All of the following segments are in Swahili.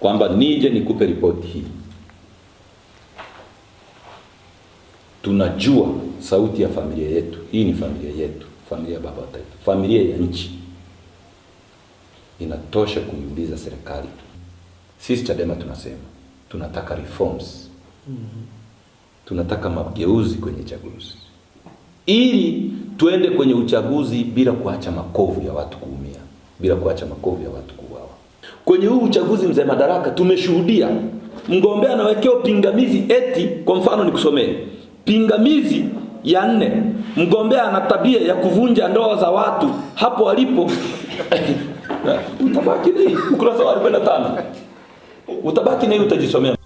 kwamba nije nikupe ripoti hii. Tunajua sauti ya familia yetu, hii ni familia yetu, familia ya baba wa taifa, familia ya nchi, inatosha kuiuliza serikali. Sisi Chadema tunasema tunataka reforms, mm-hmm. tunataka mageuzi kwenye chaguzi ili tuende kwenye uchaguzi bila kuacha makovu ya watu kuumia, bila kuacha makovu ya watu kuumia. Kwenye huu uchaguzi mzee madaraka, tumeshuhudia mgombea anawekewa pingamizi eti, kwa mfano nikusomee pingamizi ya nne, mgombea ana tabia ya kuvunja ndoa za watu hapo alipo utabaki ni ukurasa wa 45 utabaki na utajisomea.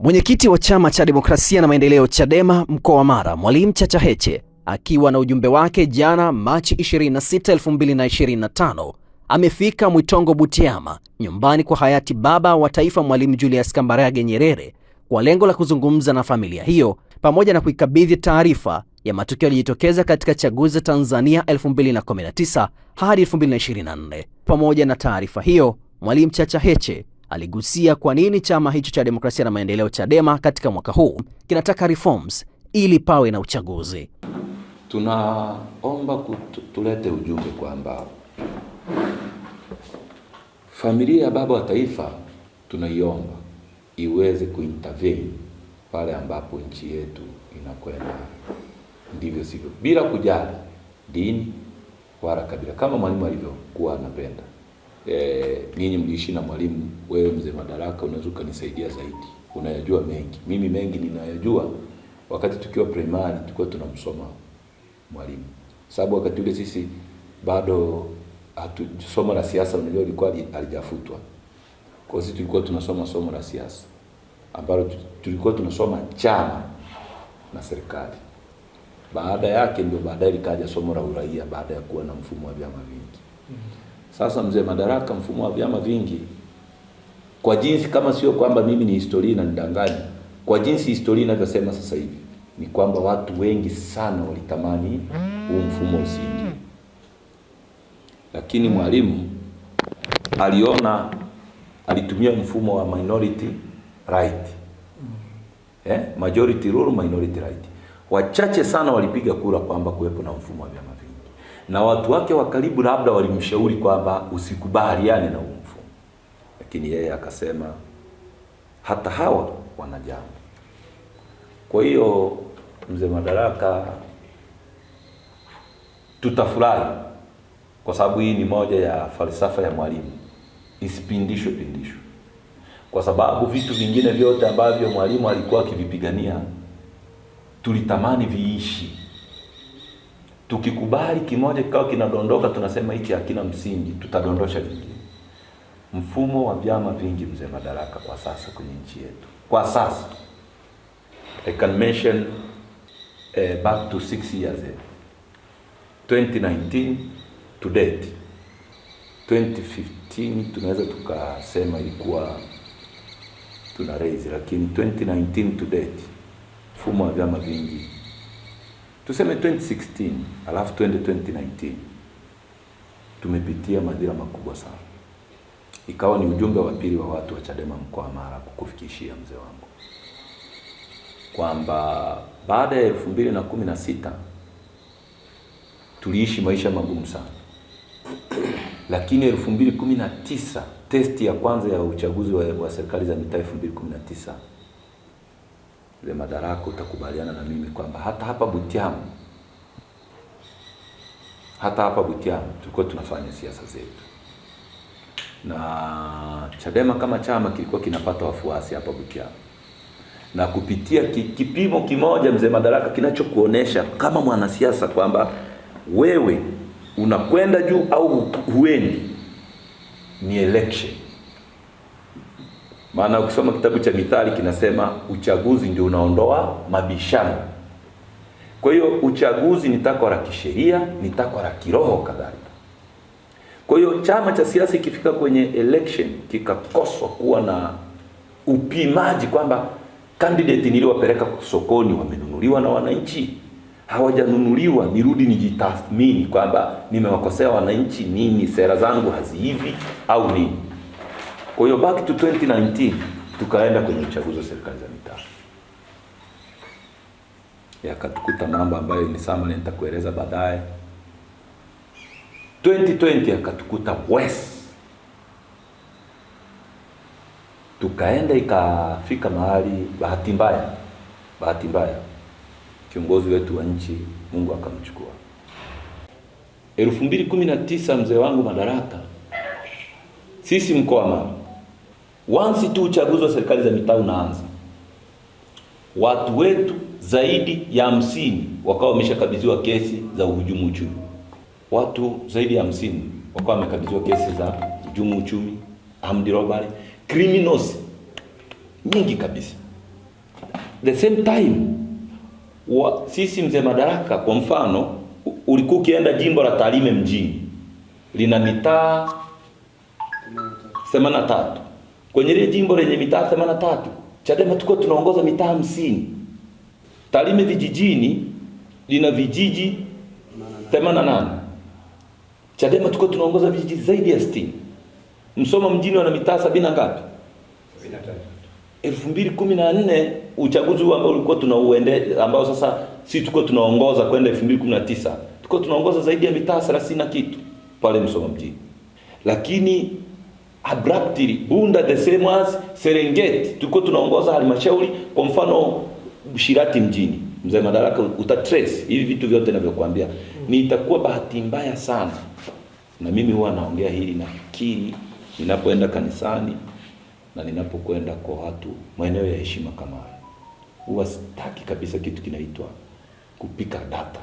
Mwenyekiti wa chama cha demokrasia na maendeleo Chadema mkoa wa Mara, Mwalimu Chacha Heche akiwa na ujumbe wake jana Machi 26, 2025 amefika Mwitongo Butiama, nyumbani kwa hayati baba wa taifa Mwalimu Julius Kambarage Nyerere kwa lengo la kuzungumza na familia hiyo pamoja na kuikabidhi taarifa ya matukio yaliyojitokeza katika chaguzi za Tanzania 2019 hadi 2024. Pamoja na taarifa hiyo, Mwalimu Chacha Heche aligusia kwa nini chama hicho cha demokrasia na maendeleo Chadema katika mwaka huu kinataka reforms ili pawe na uchaguzi tunaomba tulete ujumbe kwamba familia ya baba wa taifa tunaiomba iweze kuintervene pale ambapo nchi yetu inakwenda ndivyo sivyo, bila kujali dini wala kabila, kama mwalimu alivyokuwa anapenda. E, ninyi mliishi na mwalimu. Wewe mzee Madaraka, unaweza ukanisaidia zaidi, unayajua mengi, mimi mengi ninayajua. Wakati tukiwa primary tulikuwa tunamsoma mwalimu, sababu wakati ule sisi bado hatu somo la siasa, unajua lilikuwa alijafutwa. Kwa sisi tulikuwa tunasoma somo la siasa ambalo tulikuwa tunasoma chama na serikali. Baada yake ndio baadaye likaja somo la uraia baada ya kuwa na mfumo wa vyama vingi. Sasa mzee Madaraka, mfumo wa vyama vingi kwa jinsi kama sio kwamba mimi ni historia na nidanganya, kwa jinsi historia inavyosema sasa hivi ni kwamba watu wengi sana walitamani huu mfumo usingi lakini Mwalimu aliona alitumia mfumo wa minority right. Eh, majority rule, minority right. Wachache sana walipiga kura kwamba kuwepo na mfumo wa vyama vingi, na watu wake wa karibu labda walimshauri kwamba usikubaliane na huu mfumo, lakini yeye akasema hata hawa wanajambo Kwa hiyo mzee Madaraka, tutafurahi kwa sababu hii ni moja ya falsafa ya Mwalimu, isipindishwe pindishwe, kwa sababu vitu vingine vyote ambavyo Mwalimu alikuwa akivipigania tulitamani viishi. Tukikubali kimoja kikawa kinadondoka, tunasema hiki hakina msingi, tutadondosha vingine. Mfumo wa vyama vingi, mzee Madaraka, kwa sasa kwenye nchi yetu, kwa sasa I can mention uh, back to six years ago. 2019 to date 2015 tunaweza tukasema ilikuwa tuna raise, lakini 2019 to date mfumo wa vyama vingi tuseme 2016 alafu twende 2019 tumepitia madhira makubwa sana. Ikawa ni ujumbe wa pili wa watu wa Chadema mkoa wa Mara kukufikishia mzee wangu kwamba baada ya elfu mbili na kumi na sita tuliishi maisha magumu sana, lakini elfu mbili kumi na tisa testi ya kwanza ya uchaguzi wa, wa serikali za mitaa elfu mbili kumi na tisa le Madaraka, utakubaliana na mimi kwamba hata hapa Butiamu hata hapa Butiamu tulikuwa tunafanya siasa zetu, na Chadema kama chama kilikuwa kinapata wafuasi hapa Butiamu na kupitia kipimo kimoja, mzee madaraka, kinachokuonesha kama mwanasiasa kwamba wewe unakwenda juu au huendi, ni election. Maana ukisoma kitabu cha Mithali kinasema uchaguzi ndio unaondoa mabishano. Kwa hiyo uchaguzi ni takwa la kisheria, ni takwa la kiroho kadhalika. Kwa hiyo chama cha siasa ikifika kwenye election kikakoswa kuwa na upimaji kwamba Candidate niliwapeleka sokoni wamenunuliwa na wananchi, hawajanunuliwa nirudi nijitathmini kwamba nimewakosea wananchi nini, sera zangu hazihivi au nini. Kwa hiyo back to 2019 tukaenda kwenye uchaguzi wa serikali za mitaa, yakatukuta mambo ambayo ni summary nitakueleza baadaye. 2020 yakatukuta West tukaenda ikafika mahali, bahati mbaya, bahati mbaya kiongozi wetu wa nchi Mungu akamchukua. elfu mbili kumi na tisa mzee wangu madaraka, sisi mkoa mama, wansi tu uchaguzi wa serikali za mitaa unaanza, watu wetu zaidi ya hamsini wakawa wameshakabidhiwa kesi za uhujumu uchumi. Watu zaidi ya hamsini wakawa wamekabidhiwa kesi za uhujumu uchumi, armed robbery criminals nyingi kabisa. The same time wa, sisi mzee madaraka kwa mfano, ulikuwa ukienda jimbo la Tarime mjini lina mitaa tatu kwenye ile jimbo lenye mitaa tatu Chadema tuko tunaongoza mitaa hamsini. Tarime vijijini lina vijiji 88 Chadema tuko tunaongoza vijiji zaidi ya Msoma mjini wana mitaa sabini na ngapi? elfu mbili kumi na nne uchaguzi huu ambao ulikuwa tunauende ambao sasa si tuko tunaongoza kwenda elfu mbili kumi na tisa tuko tunaongoza zaidi ya mitaa thelathini na kitu pale Msoma mjini, lakini abruptly Bunda the same as Serengeti tuko tunaongoza halmashauri. Kwa mfano Shirati mjini, mzee Madaraka, utatrace hivi vitu vyote ninavyokuambia. Ni itakuwa bahati mbaya sana, na mimi huwa naongea hili nafikiri ninapoenda kanisani na ninapokwenda kwa watu maeneo ya heshima kama haya, huwa sitaki kabisa kitu kinaitwa kupika data.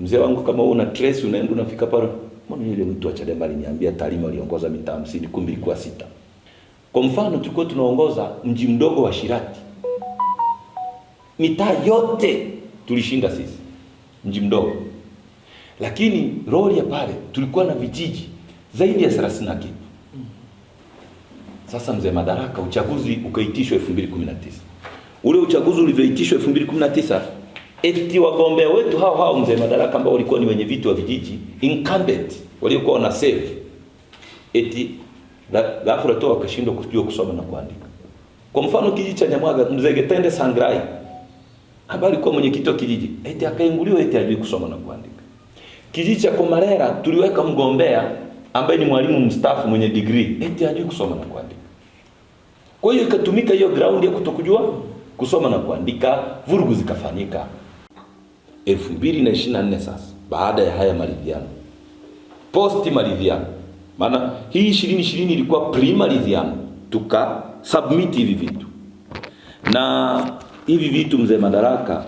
Mzee wangu kama wewe una trace, unaenda unafika pale, mbona yule mtu wa Chadema aliniambia Tarime aliongoza mitaa 50, kumbe ilikuwa sita. Kwa mfano tulikuwa tunaongoza mji mdogo wa Shirati, mitaa yote tulishinda sisi, mji mdogo lakini roli ya pale tulikuwa na vijiji zaidi ya 30 na kitu sasa mzee Madaraka, uchaguzi ukaitishwa 2019 ule uchaguzi ulivyoitishwa 2019 eti wagombea wetu hao hao mzee Madaraka ambao walikuwa ni wenye viti wa vijiji incumbent waliokuwa wana save eti ghafla tu wakashindwa kujua kusoma na kuandika. Kwa mfano kijiji cha Nyamwaga, mzee Getende Sangrai ambaye alikuwa mwenyekiti wa kijiji eti akainguliwa eti ajui kusoma na kuandika. Kijiji cha Komarera tuliweka mgombea ambaye ni mwalimu mstaafu mwenye degree eti hajui kusoma na kuandika. Kwa hiyo ikatumika hiyo ground ya kutokujua kusoma na kuandika, vurugu zikafanyika. 2024 sasa, baada ya haya maridhiano, post maridhiano, maana hii 2020 ilikuwa pre maridhiano, tuka submit hivi vitu na hivi vitu, mzee Madaraka,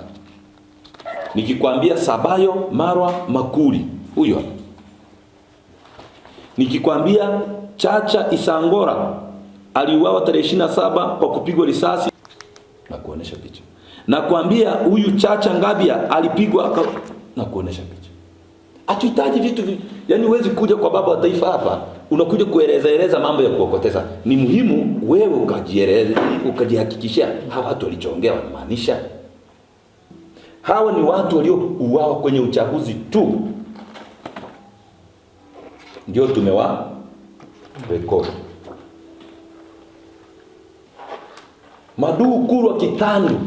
nikikwambia Sabayo Marwa Makuli huyo Nikikwambia Chacha Isangora aliuawa tarehe 27 kwa kupigwa risasi na kuonesha picha. Nakwambia huyu Chacha Ngabia alipigwa na kuonesha picha. Hatuhitaji vitu vi... Yaani huwezi kuja kwa baba wa taifa hapa unakuja kueleza eleza mambo ya kuokoteza. Ni muhimu wewe ukajieleza, ukajihakikishia hawa watu walichoongea wanamaanisha. Hawa ni watu waliouawa kwenye uchaguzi tu ndio tumewa rekodi Maduu Kulwa Kitandu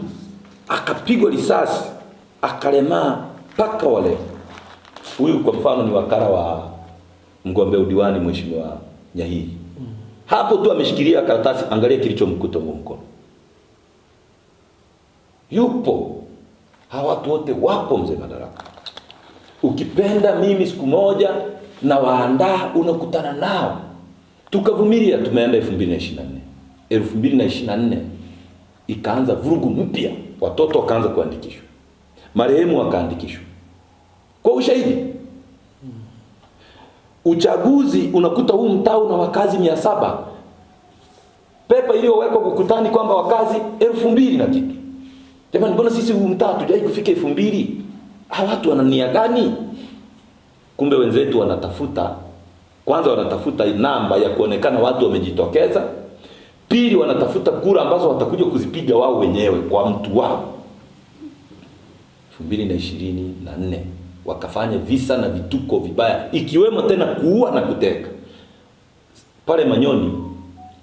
akapigwa risasi akalemaa mpaka wale. Huyu kwa mfano ni wakara wa mgombea udiwani mheshimiwa Nyahii. Mm. Hapo tu ameshikilia karatasi, angalia kilichomkuta mkono. Yupo hawa watu wote wapo, mzee madaraka. Ukipenda mimi siku moja na waandaa, unakutana nao, tukavumilia. Tumeenda 2024 2024 ikaanza vurugu mpya, watoto wakaanza kuandikishwa, marehemu wakaandikishwa kwa ushahidi. Uchaguzi unakuta huu mtaa una wakazi mia saba, pepa iliyowekwa kukutani kwamba wakazi elfu mbili na kitu. Jamani, mbona sisi huu mtaa hatujai kufika elfu mbili? Hawa watu wana nia gani? Kumbe wenzetu wanatafuta kwanza, wanatafuta namba ya kuonekana watu wamejitokeza. Pili, wanatafuta kura ambazo watakuja kuzipiga wao wenyewe kwa mtu wao. nne wakafanya visa na vituko vibaya, ikiwemo tena kuua na kuteka. Pale Manyoni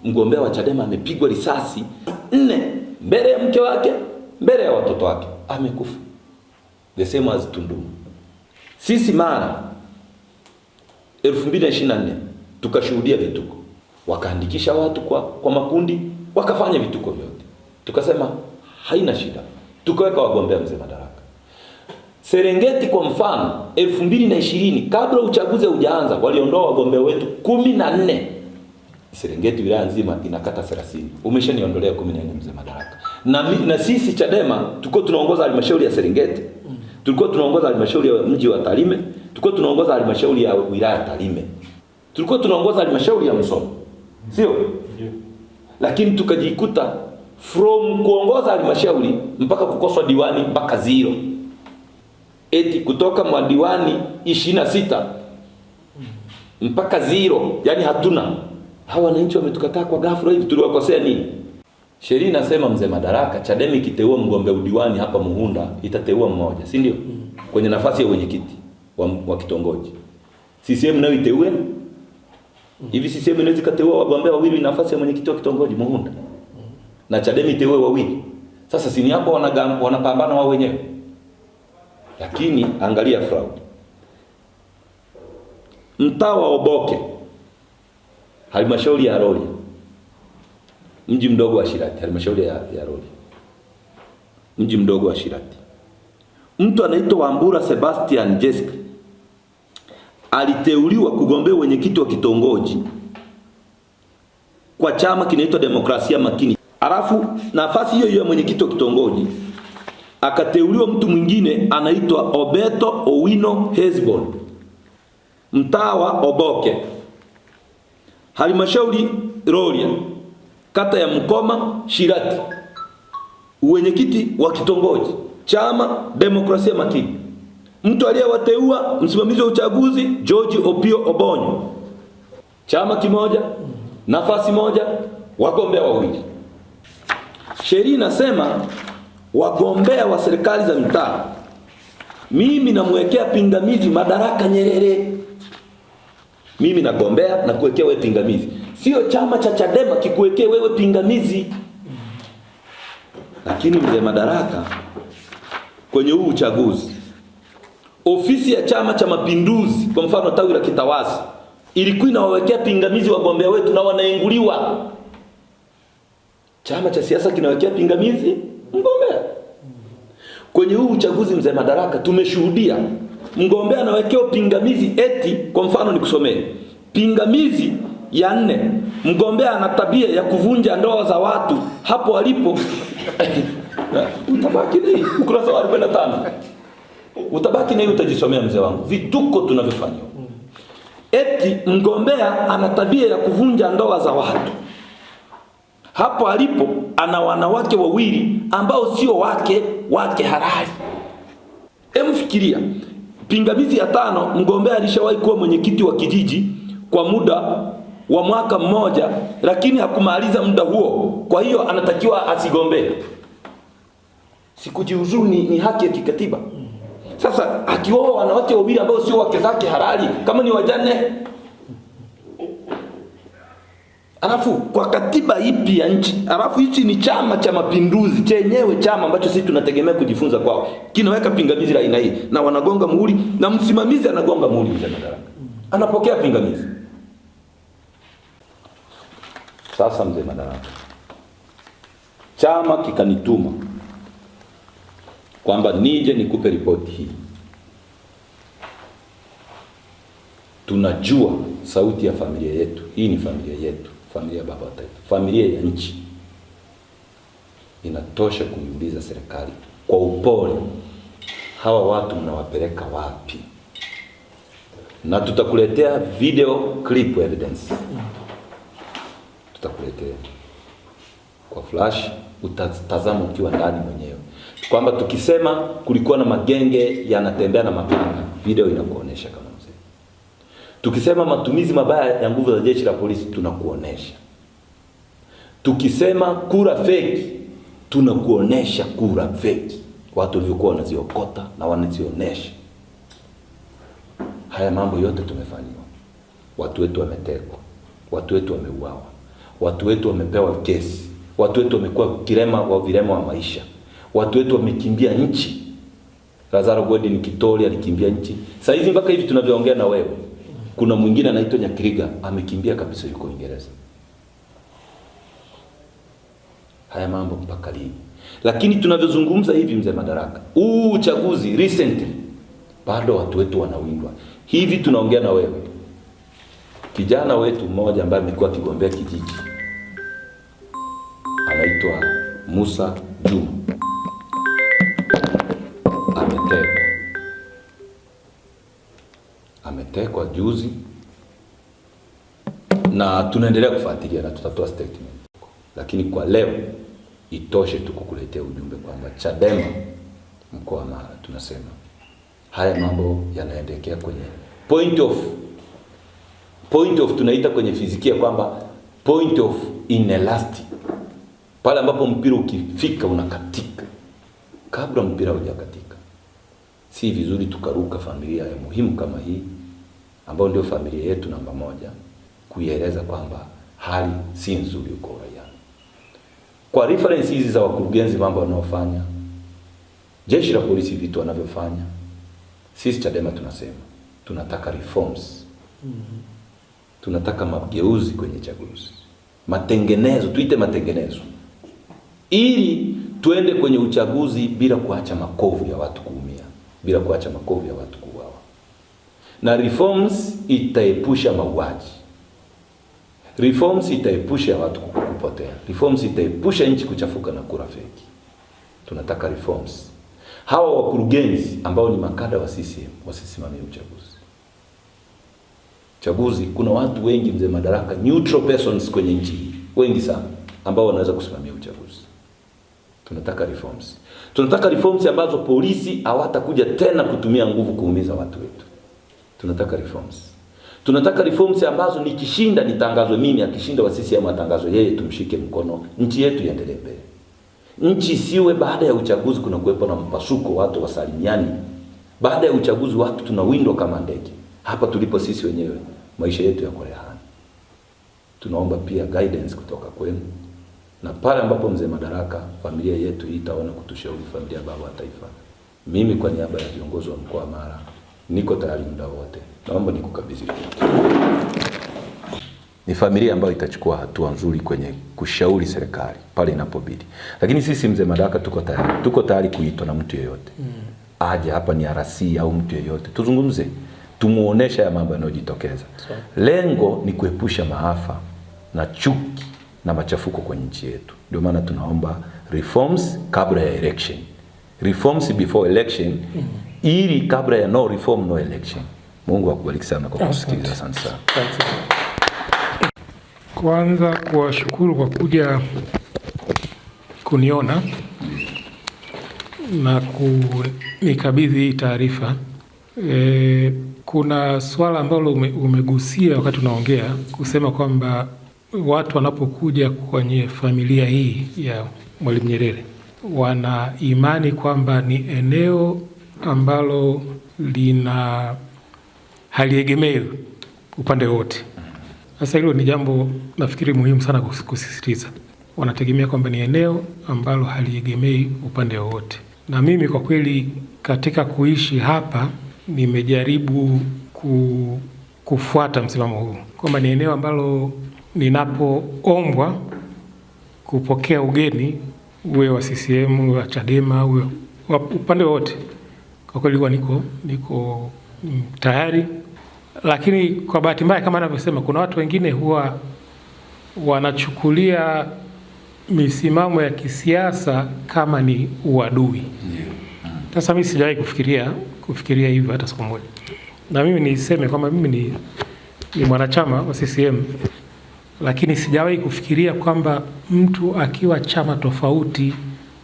mgombea wa Chadema amepigwa risasi nne mbele ya mke wake, mbele ya watoto wake, amekufa the same as Tunduma. Sisi Mara 2024 tukashuhudia vituko, wakaandikisha watu kwa, kwa makundi wakafanya vituko vyote, tukasema haina shida, tukaweka wagombea mzee madaraka Serengeti kwa mfano, 2020 kabla uchaguzi hujaanza waliondoa wagombea wetu 14. Serengeti wilaya nzima inakata 30. Umeshaniondolea 14 mzee madaraka. Na, na sisi Chadema tuko tunaongoza halmashauri ya Serengeti. Tulikuwa tunaongoza halmashauri ya mji wa Tarime, tulikuwa tunaongoza halmashauri ya wilaya ya Tarime, tulikuwa tunaongoza halmashauri ya Msoma, sio lakini tukajikuta from kuongoza halmashauri mpaka kukoswa diwani mpaka zero, eti kutoka madiwani ishirini na sita mpaka zero, yani hatuna. Hawa wananchi wametukataa kwa ghafla hivi, tuliwakosea nini? Sheria inasema mzee Madaraka, Chadema ikiteua mgombea udiwani hapa Muhunda itateua mmoja, si ndio? Mm. Kwenye nafasi ya wenyekiti wa, wa kitongoji. CCM nayo iteue. Mm. Hivi CCM inaweza ikateua wagombea wawili nafasi ya mwenyekiti wa kitongoji Muhunda. Mm. Na Chadema iteue wawili. Sasa sini hapo wanapambana wao wenyewe. Lakini angalia fraud. Mtaa wa Oboke. Halmashauri ya Rorya mji mdogo wa Shirati, halmashauri ya, ya Ruli, mji mdogo wa Shirati. Mtu anaitwa Wambura Sebastian Jeske aliteuliwa kugombea wenyekiti wa kitongoji kwa chama kinaitwa Demokrasia Makini. Alafu nafasi hiyo hiyo ya mwenyekiti wa kitongoji akateuliwa mtu mwingine anaitwa Obeto Owino Hezbon, mtawa Oboke, halmashauri Rorya kata ya Mkoma Shirati, uwenyekiti wa kitongoji chama demokrasia makini, mtu aliyewateua msimamizi wa uchaguzi George Opio Obonyo, chama kimoja, nafasi moja, wagombea wawili. Sheria inasema wagombea wa serikali za mitaa, mimi namwekea pingamizi madaraka Nyerere, mimi nagombea na kuwekea wewe pingamizi sio chama cha Chadema kikuwekee wewe pingamizi. Lakini mzee madaraka, kwenye huu uchaguzi, ofisi ya Chama cha Mapinduzi kwa mfano tawi la Kitawasi, ilikuwa inawawekea pingamizi wagombea wetu na wanaenguliwa. Chama cha siasa kinawekea pingamizi mgombea kwenye huu uchaguzi. Mzee madaraka, tumeshuhudia mgombea anawekewa pingamizi eti, kwa mfano nikusomee pingamizi ya nne, mgombea ana tabia ya kuvunja ndoa za watu hapo alipo utabaki ni ukurasa wa 45 utabaki na hii, utajisomea mzee wangu, vituko tunavyofanya. Eti mgombea ana tabia ya kuvunja ndoa za watu hapo alipo ana wanawake wawili ambao sio wake wake halali. fikiria, pingamizi ya tano, mgombea alishawahi kuwa mwenyekiti wa kijiji kwa muda wa mwaka mmoja, lakini hakumaliza muda huo, kwa hiyo anatakiwa asigombee. Sikujiuzuru ni, ni haki ya kikatiba. Sasa akioa wanawake wawili ambao sio wake zake halali, kama ni wajane, alafu kwa katiba ipi ya nchi? Alafu hichi ni Chama cha Mapinduzi chenyewe, chama ambacho sisi tunategemea kujifunza kwao, kinaweka pingamizi la aina hii na wanagonga muhuri, na msimamizi anagonga muhuri, anapokea pingamizi sasa mzee Madaraka, chama kikanituma kwamba nije nikupe ripoti hii. Tunajua sauti ya familia yetu, hii ni familia yetu, familia ya baba wa taifa, familia ya nchi, inatosha kuiuliza serikali kwa upole, hawa watu mnawapeleka wapi? Na tutakuletea video clip evidence tutakuletea kwa flash, utatazama ukiwa ndani mwenyewe, kwamba tukisema kulikuwa na magenge yanatembea na mapanga, video inakuonesha kama mzee. Tukisema matumizi mabaya ya nguvu za jeshi la polisi, tunakuonesha. Tukisema kura feki, tunakuonesha kura feki, watu walivyokuwa wanaziokota na wanazionesha. Haya mambo yote tumefanyiwa, watu wetu wametekwa, watu wetu wameuawa. Watu wetu wamepewa gesi, watu wetu wamekuwa kirema wa virema wa maisha, watu wetu wamekimbia nchi. Lazaro Godin Kitole alikimbia nchi. Sasa hivi mpaka hivi tunavyoongea na wewe, kuna mwingine anaitwa Nyakiriga amekimbia kabisa, yuko Uingereza. Haya mambo mpaka lini? Lakini tunavyozungumza hivi, mzee Madaraka, huu uchaguzi recently bado watu wetu wanawindwa. Hivi tunaongea na wewe Kijana wetu mmoja ambaye amekuwa akigombea kijiji anaitwa Musa Juma ametekwa, ametekwa juzi na tunaendelea kufuatilia na tutatoa statement, lakini kwa leo itoshe tu kukuletea ujumbe kwamba Chadema mkoa wa Mara tunasema haya mambo yanaendekea kwenye point of point of tunaita kwenye fizikia kwamba point of inelastic, pale ambapo mpira ukifika unakatika kabla mpira hujakatika. Si vizuri tukaruka familia ya muhimu kama hii ambayo ndio familia yetu namba moja, kuieleza kwamba hali si nzuri uko uraiani. Kwa reference hizi za wakurugenzi, mambo wanaofanya jeshi la polisi, vitu wanavyofanya, sisi Chadema tunasema tunataka reforms. mm -hmm tunataka mageuzi kwenye chaguzi, matengenezo, tuite matengenezo, ili tuende kwenye uchaguzi bila kuacha makovu ya watu kuumia, bila kuacha makovu ya watu kuuawa, na reforms itaepusha mauaji, reforms itaepusha watu kupotea, reforms itaepusha nchi kuchafuka na kura feki. Tunataka reforms. Hawa wakurugenzi ambao ni makada wa CCM wasisimamie uchaguzi chaguzi, kuna watu wengi mzee madaraka, neutral persons kwenye nchi wengi sana, ambao wanaweza kusimamia uchaguzi. Tunataka reforms, tunataka reforms ambazo polisi hawatakuja tena kutumia nguvu kuumiza watu wetu. Tunataka reforms, tunataka reforms ambazo nikishinda nitangazwe mimi, akishinda wa CCM atangazo yeye, tumshike mkono, nchi yetu iendelee mbele. Nchi siwe baada ya uchaguzi kuna kuwepo na mpasuko, watu wasalimiani. Baada ya uchaguzi watu tunawindwa kama ndege, hapa tulipo sisi wenyewe maisha yetu yako rehani. Tunaomba pia guidance kutoka kwenu, na pale ambapo mzee Madaraka, familia yetu hii itaona kutushauri, familia baba wa taifa, mimi kwa niaba ya viongozi wa mkoa wa Mara niko tayari muda wote, naomba nikukabidhi. Ni familia ambayo itachukua hatua nzuri kwenye kushauri serikali pale inapobidi, lakini sisi mzee Madaraka tuko tayari, tuko tayari kuitwa na mtu yeyote mm. aje hapa, ni RC au mtu yeyote, tuzungumze tumuonesha ya mambo yanayojitokeza. Lengo ni kuepusha maafa na chuki na machafuko kwenye nchi yetu. Ndio maana tunaomba reforms kabla ya election, reforms before election mm -hmm. ili kabla ya no reform no election. Mungu akubariki sana kwa kusikiliza. Asante sana. Kwanza kuwashukuru kwa kuja kuniona na kunikabidhi hii taarifa e kuna swala ambalo ume, umegusia wakati unaongea kusema kwamba watu wanapokuja kwenye familia hii ya Mwalimu Nyerere wana imani kwamba ni eneo ambalo lina haliegemei upande wote. Sasa hilo ni jambo nafikiri muhimu sana kusisitiza. Wanategemea kwamba ni eneo ambalo haliegemei upande wowote, na mimi kwa kweli katika kuishi hapa nimejaribu ku, kufuata msimamo huu kwamba ni eneo ambalo ninapoombwa kupokea ugeni uwe wa CCM wa Chadema uwe wa upande wote, kwa kweli huwa niko niko tayari. Lakini kwa bahati mbaya, kama anavyosema, kuna watu wengine huwa wanachukulia misimamo ya kisiasa kama ni uadui yeah. Sasa mimi sijawahi kufikiria kufikiria hivyo hata siku moja, na mimi niseme kwamba mimi ni, ni mwanachama wa CCM, lakini sijawahi kufikiria kwamba mtu akiwa chama tofauti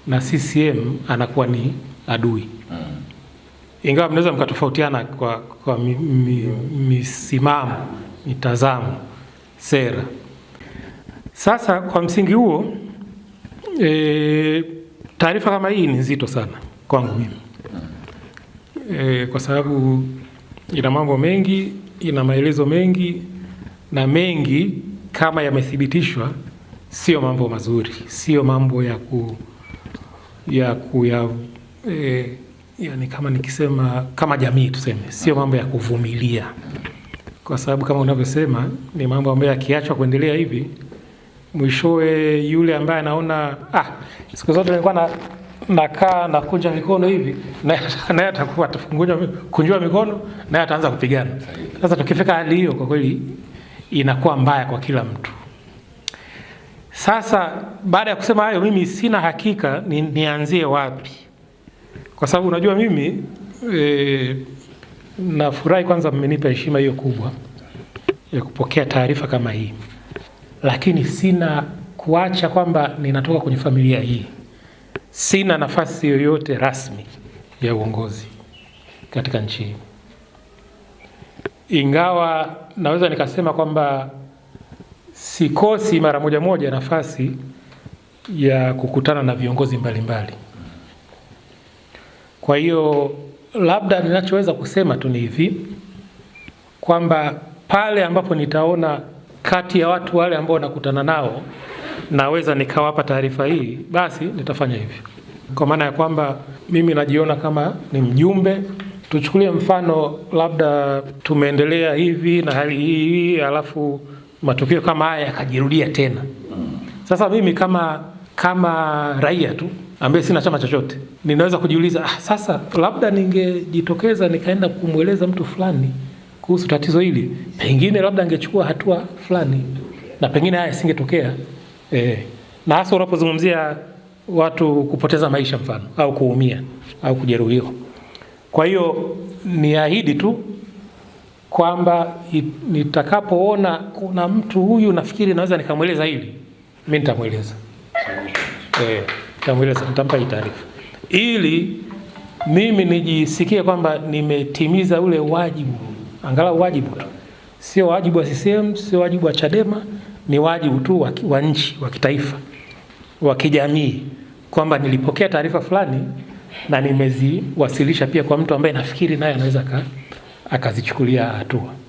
na CCM anakuwa ni adui mm. Ingawa mnaweza mkatofautiana kwa, kwa misimamo mi, mi mitazamo, sera. Sasa kwa msingi huo e, taarifa kama hii ni nzito sana kwangu mimi e, kwa sababu ina mambo mengi, ina maelezo mengi na mengi kama yamethibitishwa, sio mambo mazuri, sio mambo ya ku ya ku ya e, yani kama nikisema kama jamii tuseme, sio mambo ya kuvumilia, kwa sababu kama unavyosema ni mambo ambayo yakiachwa kuendelea hivi, mwishowe yule ambaye anaona ah, siku zote nilikuwa na nakaa na kunja mikono hivi, naye atakuwa kunjua mikono, naye ataanza kupigana. Sasa tukifika hali hiyo, kwa kweli inakuwa mbaya kwa kila mtu. Sasa baada ya kusema hayo, mimi sina hakika ni, nianzie wapi, kwa sababu unajua mimi e, nafurahi kwanza, mmenipa heshima hiyo kubwa ya kupokea taarifa kama hii, lakini sina kuacha kwamba ninatoka kwenye familia hii sina nafasi yoyote rasmi ya uongozi katika nchi hii, ingawa naweza nikasema kwamba sikosi mara moja moja nafasi ya kukutana na viongozi mbalimbali mbali. Kwa hiyo labda ninachoweza kusema tu ni hivi kwamba pale ambapo nitaona kati ya watu wale ambao nakutana nao naweza nikawapa taarifa hii, basi nitafanya hivyo, kwa maana ya kwamba mimi najiona kama ni mjumbe. Tuchukulie mfano labda tumeendelea hivi na hali hii, alafu matukio kama haya yakajirudia tena. Sasa mimi kama kama raia tu ambaye sina chama chochote ninaweza kujiuliza, ah, sasa labda ningejitokeza nikaenda kumweleza mtu fulani kuhusu tatizo hili, pengine labda angechukua hatua fulani na pengine haya yasingetokea. Eh, na hasa unapozungumzia watu kupoteza maisha mfano au kuumia au kujeruhiwa. Kwa hiyo niahidi tu kwamba nitakapoona kuna mtu huyu nafikiri naweza nikamweleza hili, mimi nitamweleza eh, nitamweleza, nitampa hii taarifa ili mimi nijisikie kwamba nimetimiza ule wajibu, angalau wajibu tu, sio wajibu wa CCM, sio wajibu wa Chadema ni wajibu tu wa nchi, wa kitaifa, wa kijamii kwamba nilipokea taarifa fulani na nimeziwasilisha pia kwa mtu ambaye nafikiri naye anaweza akazichukulia hatua.